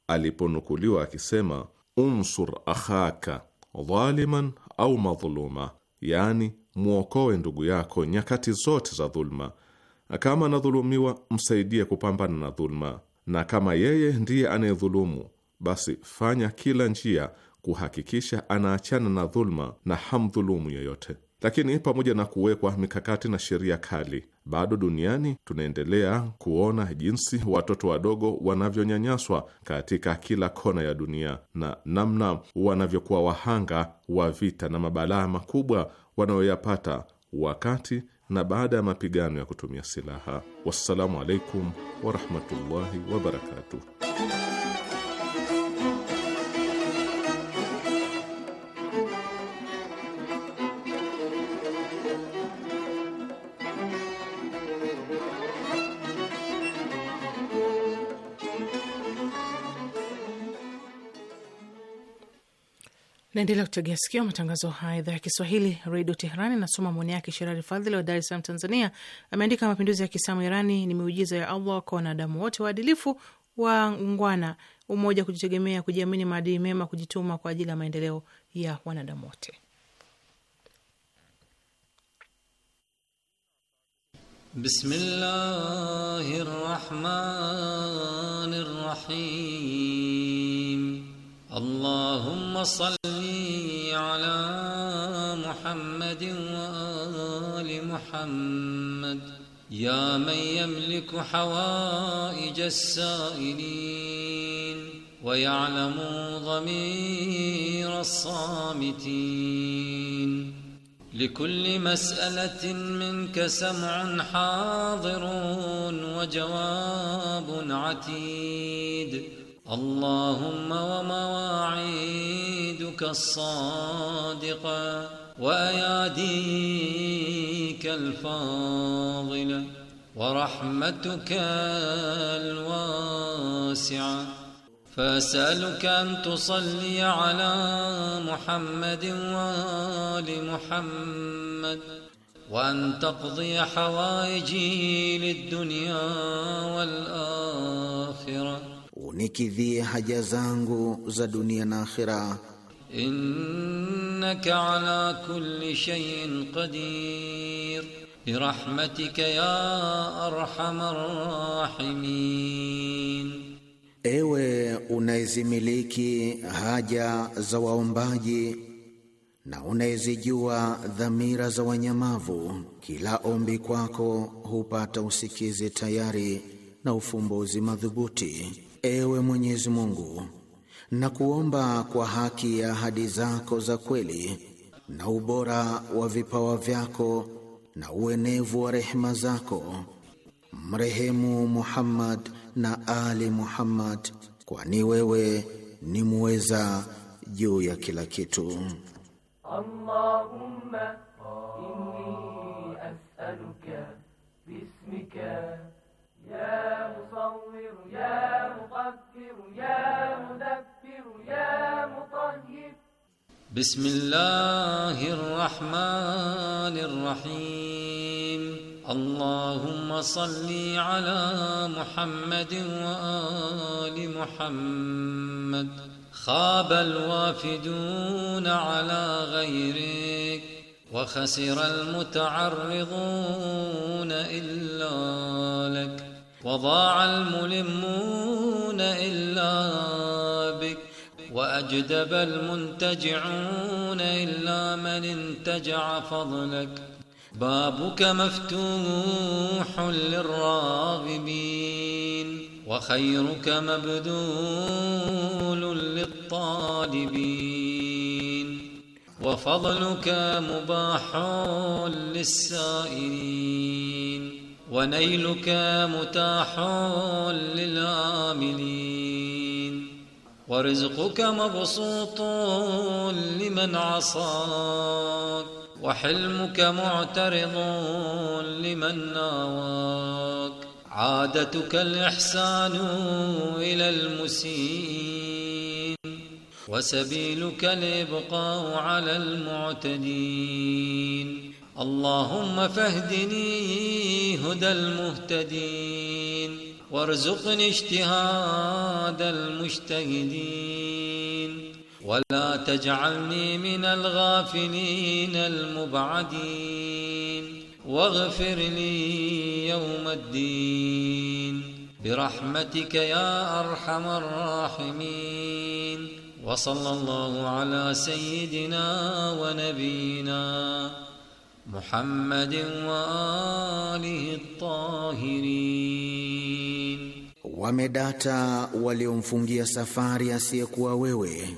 aliponukuliwa akisema, unsur akhaka dhaliman au madhuluma, yaani mwokoe ndugu yako nyakati zote za dhuluma. Kama anadhulumiwa msaidie kupambana na dhuluma, na kama yeye ndiye anayedhulumu, basi fanya kila njia kuhakikisha anaachana na dhuluma na hamdhulumu yoyote. Lakini pamoja na kuwekwa mikakati na sheria kali bado duniani tunaendelea kuona jinsi watoto wadogo wanavyonyanyaswa katika kila kona ya dunia na namna wanavyokuwa wahanga wa vita na mabalaa makubwa wanayoyapata wakati na baada ya mapigano ya kutumia silaha. Wassalamu alaikum warahmatullahi wabarakatuh. Naendelea kutegea sikio matangazo haya idhaa ya Kiswahili redio Teherani. Nasoma maoni yake Sherari Fadhili wa Dar es Salaam, Tanzania. Ameandika, mapinduzi ya Kiislamu Irani ni miujiza ya Allah kwa wanadamu wote waadilifu, wa ngwana umoja, kujitegemea, kujiamini, maadili mema, kujituma kwa ajili ya maendeleo ya wanadamu wote. Bismillahi rahmani rahim. Allahumma salli محمد يا من يملك حوائج السائلين ويعلم ضمير الصامتين لكل مسألة منك سمع حاضر وجواب عتيد اللهم ومواعيدك الصادقه وأياديك الفاضلة ورحمتك الواسعة فأسألك أن تصلي على محمد وآل محمد وأن تقضي حوائجي للدنيا والآخرة ونكذي haja zangu ناخره إنك على كل شيء قدير برحمتك يا أرحم الراحمين Ewe unaezimiliki haja za waombaji na unaezijua dhamira za wanyamavu, kila ombi kwako hupata usikizi tayari na ufumbuzi madhubuti. Ewe Mwenyezi Mungu, na kuomba kwa haki ya ahadi zako za kweli na ubora wa vipawa vyako na uenevu wa rehema zako. Mrehemu Muhammad na Ali Muhammad, kwani wewe ni muweza juu ya kila kitu. Allahumma inni as'aluka bismika بسم الله الرحمن الرحيم اللهم صل على محمد وآل محمد خاب الوافدون على غيرك وخسر المتعرضون إلا لك وضاع الملمون إلا بك وأجدب المنتجعون إلا من انتجع فضلك بابك مفتوح للراغبين وخيرك مبذول للطالبين وفضلك مباح للسائلين ونيلك متاح للآملين ورزقك مبسوط لمن عصاك وحلمك معترض لمن ناواك عادتك الإحسان إلى المسيء وسبيلك الإبقاء على المعتدين اللهم فاهدني هدى المهتدين وارزقني اجتهاد المجتهدين ولا تجعلني من الغافلين المبعدين واغفر لي يوم الدين برحمتك يا أرحم الراحمين وصلى الله على سيدنا ونبينا محمد وآله الطاهرين Wamedata waliomfungia safari asiyekuwa wewe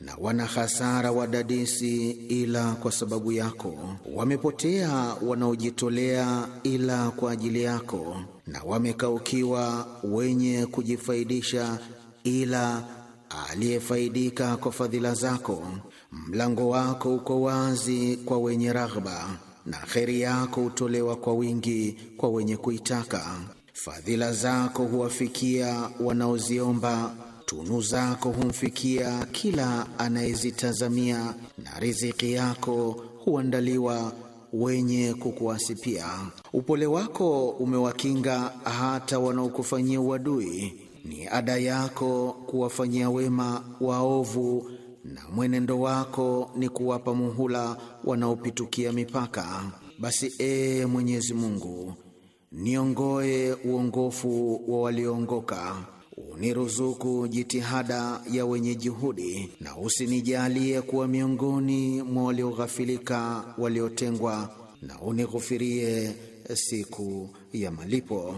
na wana hasara wadadisi ila kwa sababu yako. Wamepotea wanaojitolea ila kwa ajili yako, na wamekaukiwa wenye kujifaidisha ila aliyefaidika kwa fadhila zako. Mlango wako uko wazi kwa wenye raghba, na kheri yako hutolewa kwa wingi kwa wenye kuitaka. Fadhila zako huwafikia wanaoziomba, tunu zako humfikia kila anayezitazamia, na riziki yako huandaliwa wenye kukuasi pia Upole wako umewakinga hata wanaokufanyia uadui. Ni ada yako kuwafanyia wema waovu, na mwenendo wako ni kuwapa muhula wanaopitukia mipaka. Basi ee Mwenyezi Mungu, niongoe uongofu wa walioongoka, uniruzuku jitihada ya wenye juhudi, na usinijalie kuwa miongoni mwa walioghafilika waliotengwa, na unighufirie siku ya malipo.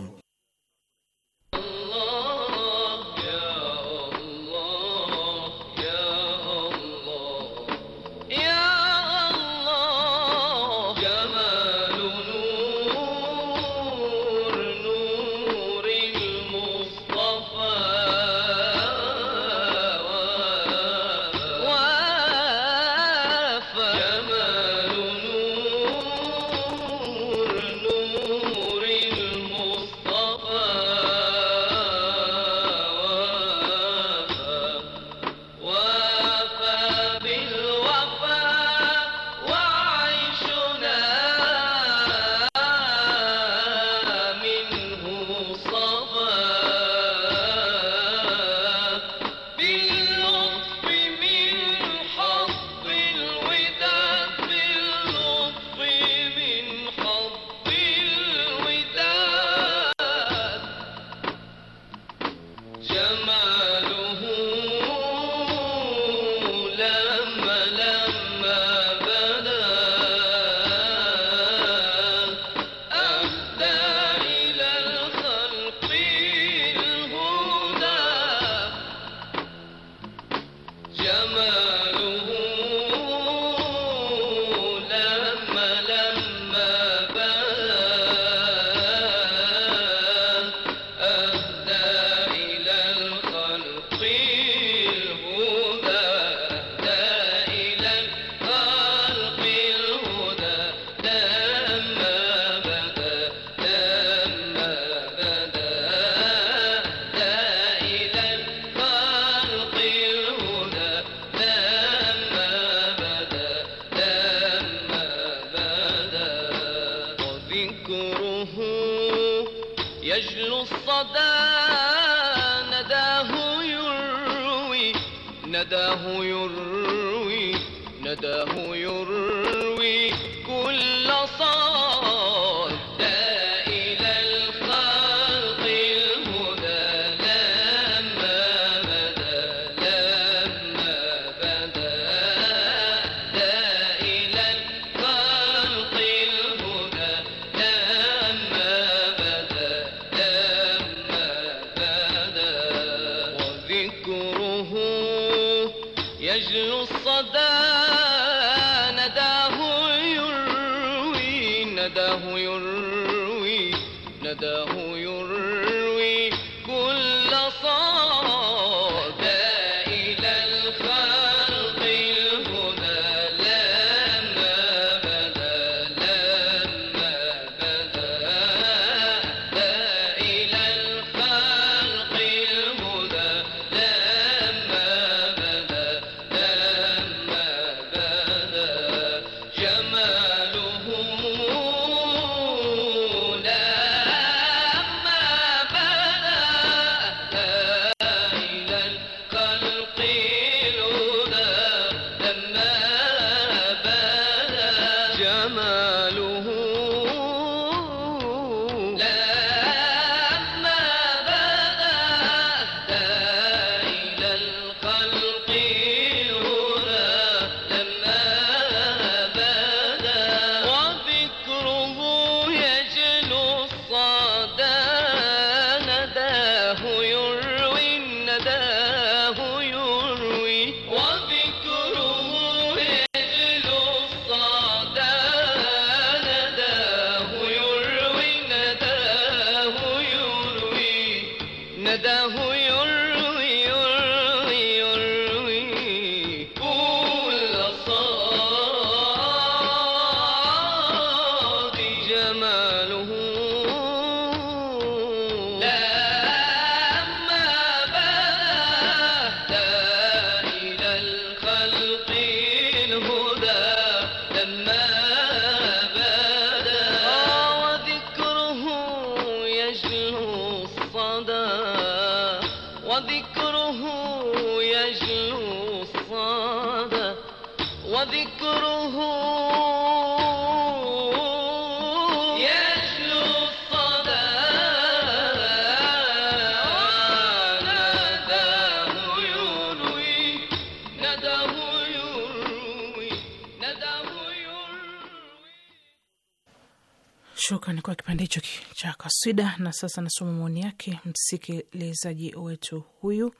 Shukran kwa kipande hicho cha kaswida. Na sasa nasoma maoni yake msikilizaji wetu huyu,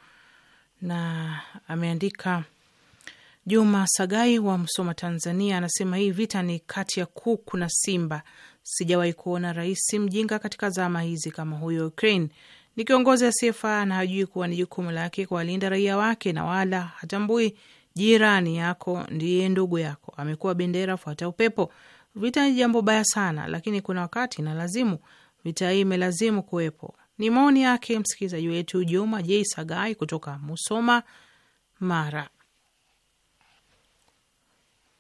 na ameandika Juma Sagai wa Msoma, Tanzania, anasema hii vita ni kati ya kuku na simba. Sijawahi kuona rais mjinga katika zama hizi kama huyo Ukraine. Ni kiongozi asiyefaa na hajui kuwa ni jukumu lake kuwalinda raia wake, na wala hatambui jirani yako ndiye ndugu yako. Amekuwa bendera fuata upepo. Vita ni jambo baya sana, lakini kuna wakati na lazimu vita hii imelazimu kuwepo. Ni maoni yake msikilizaji wetu Juma J Sagai kutoka Musoma, Mara.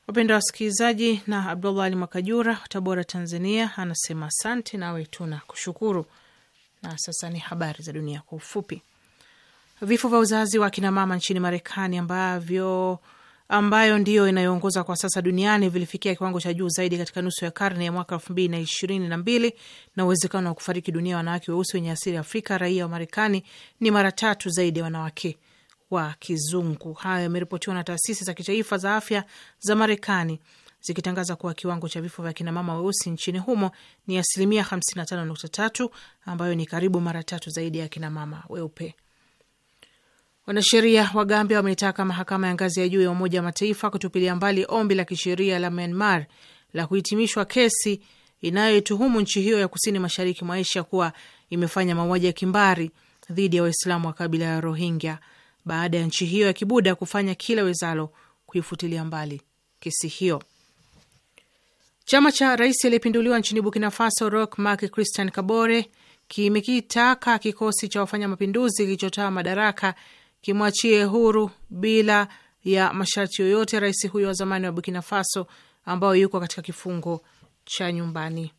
Wapenda wasikilizaji, na Abdullah Ali Makajura Tabora, Tanzania, anasema asante, nawe tuna kushukuru. Na sasa ni habari za dunia kwa ufupi. Vifo vya uzazi wa akinamama nchini Marekani ambavyo ambayo ndiyo inayoongoza kwa sasa duniani vilifikia kiwango cha juu zaidi katika nusu ya karne ya mwaka elfu mbili na ishirini na mbili na uwezekano wa kufariki dunia wanawake weusi wenye asili ya Afrika raia wa Marekani ni mara tatu zaidi ya wanawake wa kizungu. Hayo yameripotiwa na taasisi za kitaifa za afya za Marekani zikitangaza kuwa kiwango cha vifo vya kinamama weusi nchini humo ni asilimia 55.3 ambayo ni karibu mara tatu zaidi ya kinamama weupe. Wanasheria wa Gambia wameitaka mahakama ya ngazi ya juu ya Umoja wa Mataifa kutupilia mbali ombi la kisheria la Myanmar la kuhitimishwa kesi inayoituhumu nchi hiyo ya kusini mashariki mwa Asia kuwa imefanya mauaji ya kimbari dhidi ya Waislamu wa kabila ya Rohingya baada ya nchi hiyo ya kibuda kufanya kila wezalo kuifutilia mbali kesi hiyo. Chama cha rais aliyepinduliwa nchini Burkina Faso Roch Marc Christian Kabore kimekitaka kikosi cha wafanya mapinduzi kilichotoa madaraka kimwachie huru bila ya masharti yoyote rais huyo wa zamani wa Burkina Faso ambayo yuko katika kifungo cha nyumbani.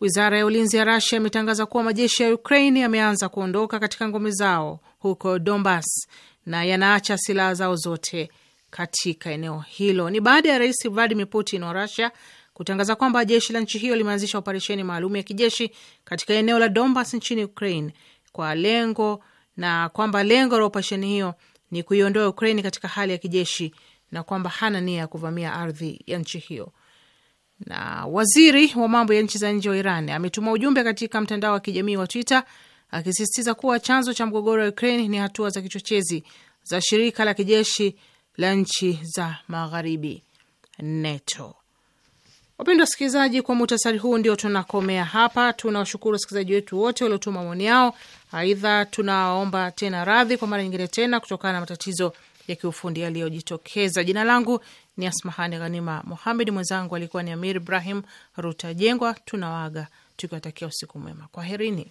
Wizara ya ulinzi ya Rasia imetangaza kuwa majeshi ya Ukraini yameanza kuondoka katika ngome zao huko Donbas na yanaacha silaha zao zote katika eneo hilo. Ni baada ya rais Vladimir Putin wa Rasia kutangaza kwamba jeshi la nchi hiyo limeanzisha operesheni maalum ya kijeshi katika eneo la Donbas nchini Ukraine kwa lengo na kwamba lengo la operesheni hiyo ni kuiondoa Ukraini katika hali ya kijeshi na kwamba hana nia ya kuvamia ardhi ya nchi hiyo. Na waziri wa mambo ya nchi za nje wa Iran ametuma ujumbe katika mtandao wa kijamii wa Twitter akisisitiza kuwa chanzo cha mgogoro wa Ukraini ni hatua za kichochezi za shirika la kijeshi la nchi za magharibi NATO. Wapendwa wasikilizaji, kwa muhtasari huu ndio tunakomea hapa. Tunawashukuru wasikilizaji wetu wote waliotuma maoni yao Aidha, tunaomba tena radhi kwa mara nyingine tena kutokana na matatizo ya kiufundi yaliyojitokeza. Jina langu ni Asmahani Ghanima Muhamed, mwenzangu alikuwa ni Amir Ibrahim Rutajengwa. Tunawaaga tukiwatakia usiku mwema, kwaherini.